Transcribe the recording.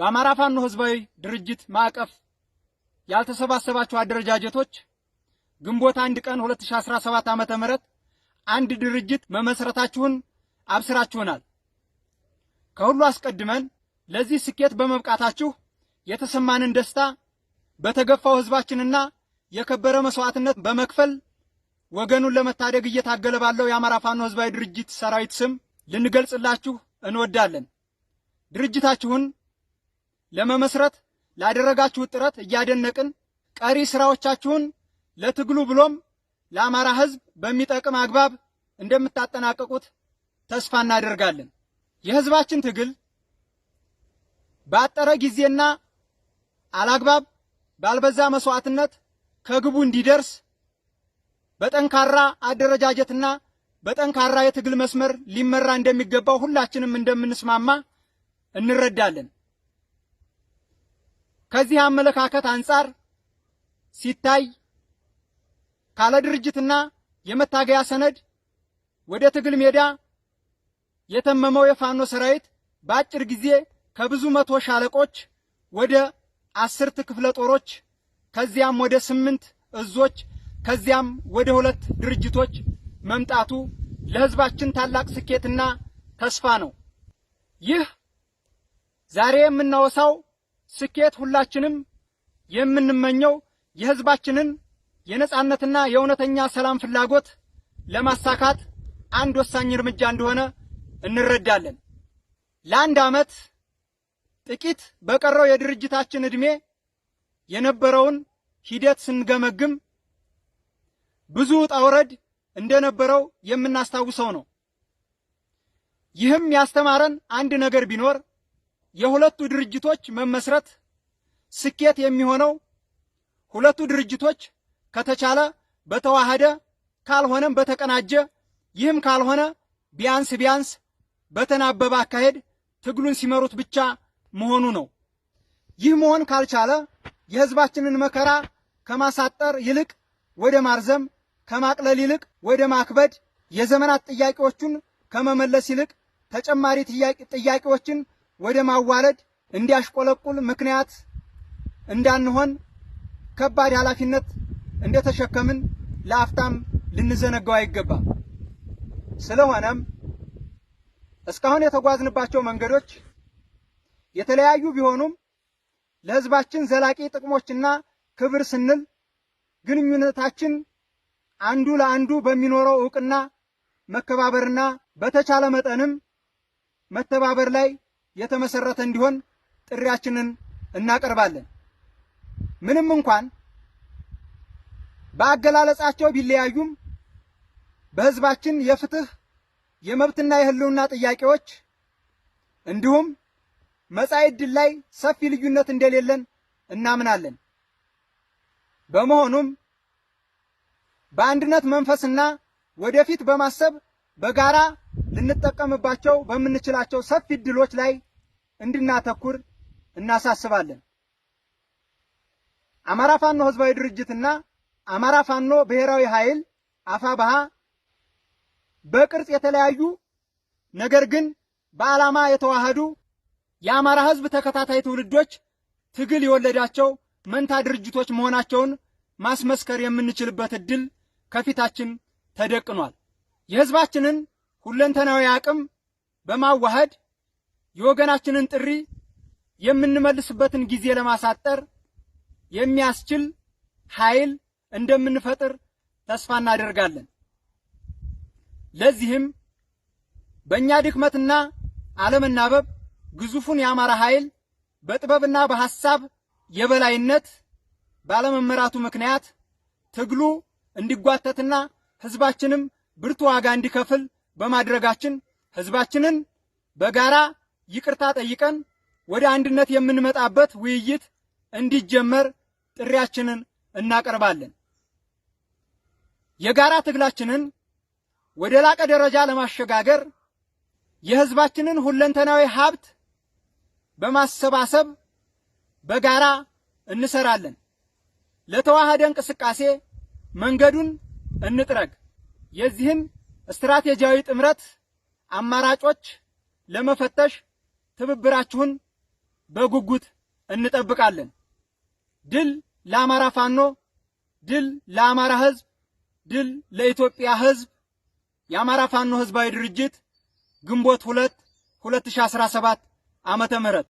በአማራ ፋኖ ህዝባዊ ድርጅት ማዕቀፍ ያልተሰባሰባችሁ አደረጃጀቶች ግንቦት አንድ ቀን 2017 ዓመተ ምህረት አንድ ድርጅት መመስረታችሁን አብስራችሁናል። ከሁሉ አስቀድመን ለዚህ ስኬት በመብቃታችሁ የተሰማንን ደስታ በተገፋው ህዝባችንና የከበረ መስዋዕትነት በመክፈል ወገኑን ለመታደግ እየታገለ ባለው የአማራ ፋኖ ህዝባዊ ድርጅት ሰራዊት ስም ልንገልጽላችሁ እንወዳለን። ድርጅታችሁን ለመመስረት ላደረጋችሁት ጥረት እያደነቅን ቀሪ ስራዎቻችሁን ለትግሉ ብሎም ለአማራ ህዝብ በሚጠቅም አግባብ እንደምታጠናቀቁት ተስፋ እናደርጋለን። የህዝባችን ትግል ባጠረ ጊዜና አላግባብ ባልበዛ መስዋዕትነት ከግቡ እንዲደርስ በጠንካራ አደረጃጀትና በጠንካራ የትግል መስመር ሊመራ እንደሚገባው ሁላችንም እንደምንስማማ እንረዳለን። ከዚህ አመለካከት አንጻር ሲታይ ካለ ድርጅትና የመታገያ ሰነድ ወደ ትግል ሜዳ የተመመው የፋኖ ሰራዊት በአጭር ጊዜ ከብዙ መቶ ሻለቆች ወደ አስርት ክፍለ ጦሮች ከዚያም ወደ ስምንት እዞች ከዚያም ወደ ሁለት ድርጅቶች መምጣቱ ለሕዝባችን ታላቅ ስኬትና ተስፋ ነው። ይህ ዛሬ የምናወሳው ስኬት ሁላችንም የምንመኘው የህዝባችንን የነጻነትና የእውነተኛ ሰላም ፍላጎት ለማሳካት አንድ ወሳኝ እርምጃ እንደሆነ እንረዳለን። ለአንድ ዓመት ጥቂት በቀረው የድርጅታችን ዕድሜ የነበረውን ሂደት ስንገመግም ብዙ ውጣ ውረድ እንደነበረው የምናስታውሰው ነው። ይህም ያስተማረን አንድ ነገር ቢኖር የሁለቱ ድርጅቶች መመስረት ስኬት የሚሆነው ሁለቱ ድርጅቶች ከተቻለ በተዋሃደ ካልሆነም በተቀናጀ ይህም ካልሆነ ቢያንስ ቢያንስ በተናበበ አካሄድ ትግሉን ሲመሩት ብቻ መሆኑ ነው። ይህ መሆን ካልቻለ የሕዝባችንን መከራ ከማሳጠር ይልቅ ወደ ማርዘም፣ ከማቅለል ይልቅ ወደ ማክበድ፣ የዘመናት ጥያቄዎቹን ከመመለስ ይልቅ ተጨማሪ ጥያቄዎችን ወደ ማዋለድ እንዲያሽቆለቁል ምክንያት እንዳንሆን ከባድ ኃላፊነት እንደተሸከምን ለአፍታም ልንዘነጋው አይገባም። ስለሆነም እስካሁን የተጓዝንባቸው መንገዶች የተለያዩ ቢሆኑም ለሕዝባችን ዘላቂ ጥቅሞችና ክብር ስንል ግንኙነታችን አንዱ ለአንዱ በሚኖረው ዕውቅና መከባበርና በተቻለ መጠንም መተባበር ላይ የተመሰረተ እንዲሆን ጥሪያችንን እናቀርባለን። ምንም እንኳን በአገላለጻቸው ቢለያዩም በሕዝባችን የፍትህ የመብትና የህልውና ጥያቄዎች እንዲሁም መጻኢ ዕድል ላይ ሰፊ ልዩነት እንደሌለን እናምናለን። በመሆኑም በአንድነት መንፈስና ወደፊት በማሰብ በጋራ ልንጠቀምባቸው በምንችላቸው ሰፊ ዕድሎች ላይ እንድናተኩር እናሳስባለን። አማራ ፋኖ ህዝባዊ ድርጅትና አማራ ፋኖ ብሔራዊ ኃይል አፋባሃ በቅርጽ የተለያዩ ነገር ግን በዓላማ የተዋሃዱ የአማራ ህዝብ ተከታታይ ትውልዶች ትግል የወለዳቸው መንታ ድርጅቶች መሆናቸውን ማስመስከር የምንችልበት እድል ከፊታችን ተደቅኗል። የህዝባችንን ሁለንተናዊ አቅም በማዋሃድ የወገናችንን ጥሪ የምንመልስበትን ጊዜ ለማሳጠር የሚያስችል ኃይል እንደምንፈጥር ተስፋ እናደርጋለን። ለዚህም በእኛ ድክመትና አለመናበብ ግዙፉን የአማራ ኃይል በጥበብና በሐሳብ የበላይነት ባለመመራቱ ምክንያት ትግሉ እንዲጓተትና ህዝባችንም ብርቱ ዋጋ እንዲከፍል በማድረጋችን ህዝባችንን በጋራ ይቅርታ ጠይቀን ወደ አንድነት የምንመጣበት ውይይት እንዲጀመር ጥሪያችንን እናቀርባለን። የጋራ ትግላችንን ወደ ላቀ ደረጃ ለማሸጋገር የሕዝባችንን ሁለንተናዊ ሀብት በማሰባሰብ በጋራ እንሰራለን። ለተዋሃደ እንቅስቃሴ መንገዱን እንጥረግ። የዚህን ስትራቴጂያዊ ጥምረት አማራጮች ለመፈተሽ ትብብራችሁን በጉጉት እንጠብቃለን። ድል ለአማራ ፋኖ፣ ድል ለአማራ ህዝብ ድል ለኢትዮጵያ ህዝብ የአማራ ፋኖ ህዝባዊ ድርጅት ግንቦት 2 2017 ዓመተ ምህረት